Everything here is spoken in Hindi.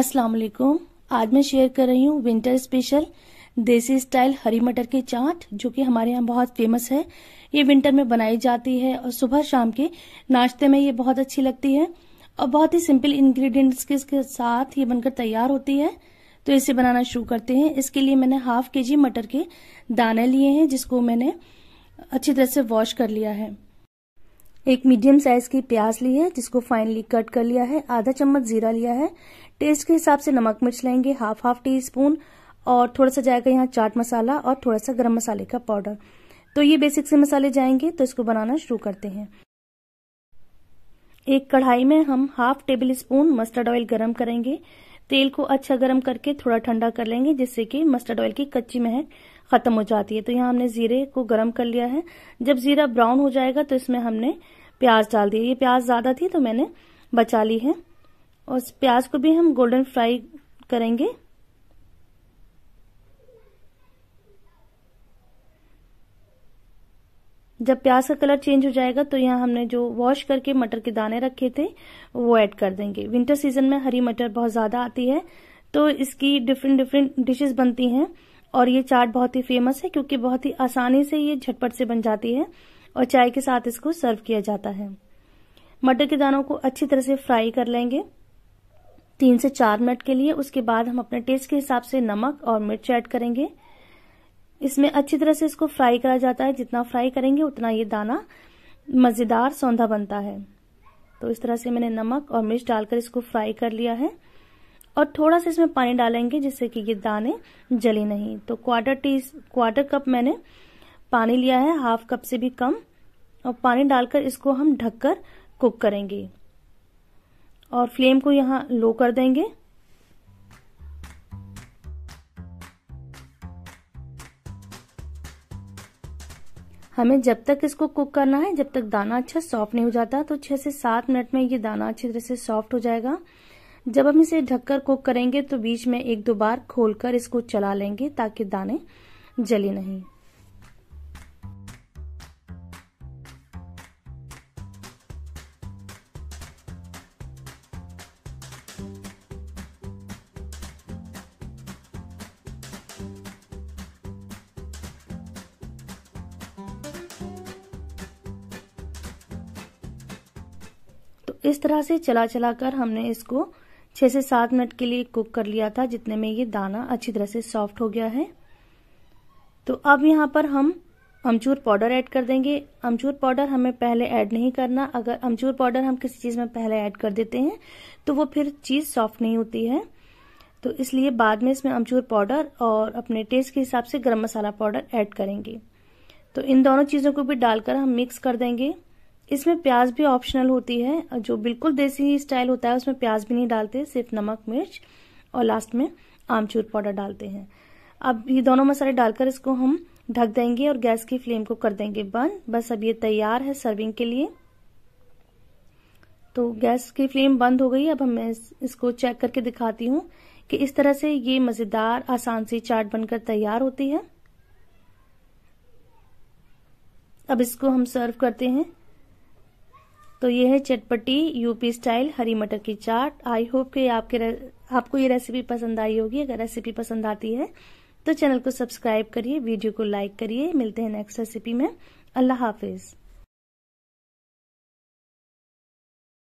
अस्सलाम वालेकुम आज मैं शेयर कर रही हूँ विंटर स्पेशल देसी स्टाइल हरी मटर की चाट जो कि हमारे यहाँ बहुत फेमस है ये विंटर में बनाई जाती है और सुबह शाम के नाश्ते में ये बहुत अच्छी लगती है और बहुत ही सिंपल इंग्रेडिएंट्स के साथ ये बनकर तैयार होती है तो इसे बनाना शुरू करते हैं इसके लिए मैंने हाफ के जी मटर के दाने लिए हैं जिसको मैंने अच्छी तरह से वॉश कर लिया है एक मीडियम साइज की प्याज ली है जिसको फाइनली कट कर लिया है आधा चम्मच जीरा लिया है टेस्ट के हिसाब से नमक मिर्च लेंगे हाफ हाफ टी स्पून और थोड़ा सा जाएगा यहाँ चाट मसाला और थोड़ा सा गरम मसाले का पाउडर तो ये बेसिक से मसाले जाएंगे तो इसको बनाना शुरू करते हैं एक कढ़ाई में हम half tablespoon mustard oil गरम करेंगे तेल को अच्छा गरम करके थोड़ा ठंडा कर लेंगे जिससे कि मस्टर्ड ऑयल की कच्ची महक ख़त्म हो जाती है तो यहाँ हमने ज़ीरे को गर्म कर लिया है जब ज़ीरा ब्राउन हो जाएगा तो इसमें हमने प्याज डाल दिया ये प्याज ज़्यादा थी तो मैंने बचा ली है और प्याज को भी हम गोल्डन फ्राई करेंगे जब प्याज का कलर चेंज हो जाएगा तो यहाँ हमने जो वॉश करके मटर के दाने रखे थे वो ऐड कर देंगे विंटर सीजन में हरी मटर बहुत ज़्यादा आती है तो इसकी डिफरेंट डिफरेंट डिशेस बनती हैं और ये चाट बहुत ही फेमस है क्योंकि बहुत ही आसानी से ये झटपट से बन जाती है और चाय के साथ इसको सर्व किया जाता है मटर के दानों को अच्छी तरह से फ्राई कर लेंगे तीन से चार मिनट के लिए उसके बाद हम अपने टेस्ट के हिसाब से नमक और मिर्च ऐड करेंगे इसमें अच्छी तरह से इसको फ्राई करा जाता है जितना फ्राई करेंगे उतना ये दाना मज़ेदार सौंधा बनता है तो इस तरह से मैंने नमक और मिर्च डालकर इसको फ्राई कर लिया है और थोड़ा सा इसमें पानी डालेंगे जिससे कि ये दाने जले नहीं तो क्वार्टर टी क्वार्टर कप मैंने पानी लिया है हाफ कप से भी कम और पानी डालकर इसको हम ढककर कुक करेंगे और फ्लेम को यहाँ लो कर देंगे हमें जब तक इसको कुक करना है जब तक दाना अच्छा सॉफ्ट नहीं हो जाता तो छह से सात मिनट में ये दाना अच्छी तरह से सॉफ्ट हो जाएगा जब हम इसे ढककर कुक करेंगे तो बीच में एक दो बार खोलकर इसको चला लेंगे ताकि दाने जले नहीं तो इस तरह से चला चला कर हमने इसको छह से सात मिनट के लिए कुक कर लिया था जितने में ये दाना अच्छी तरह से सॉफ्ट हो गया है तो अब यहाँ पर हम अमचूर पाउडर ऐड कर देंगे अमचूर पाउडर हमें पहले ऐड नहीं करना अगर अमचूर पाउडर हम किसी चीज़ में पहले ऐड कर देते हैं तो वो फिर चीज़ सॉफ्ट नहीं होती है तो इसलिए बाद में इसमें अमचूर पाउडर और अपने टेस्ट के हिसाब से गर्म मसाला पाउडर ऐड करेंगे तो इन दोनों चीज़ों को भी डालकर हम मिक्स कर देंगे इसमें प्याज भी ऑप्शनल होती है जो बिल्कुल देसी स्टाइल होता है उसमें प्याज भी नहीं डालते सिर्फ नमक मिर्च और लास्ट में आमचूर पाउडर डालते हैं अब ये दोनों मसाले डालकर इसको हम ढक देंगे और गैस की फ्लेम को कर देंगे बंद बस अब ये तैयार है सर्विंग के लिए तो गैस की फ्लेम बंद हो गई अब मैं इसको चेक करके दिखाती हूँ कि इस तरह से ये मज़ेदार आसान सी चाट बनकर तैयार होती है अब इसको हम सर्व करते हैं तो ये है चटपटी यूपी स्टाइल हरी मटर की चाट आई होप कि आपके आपको ये रेसिपी पसंद आई होगी अगर रेसिपी पसंद आती है तो चैनल को सब्सक्राइब करिए वीडियो को लाइक करिए मिलते हैं नेक्स्ट रेसिपी में अल्लाह हाफिज़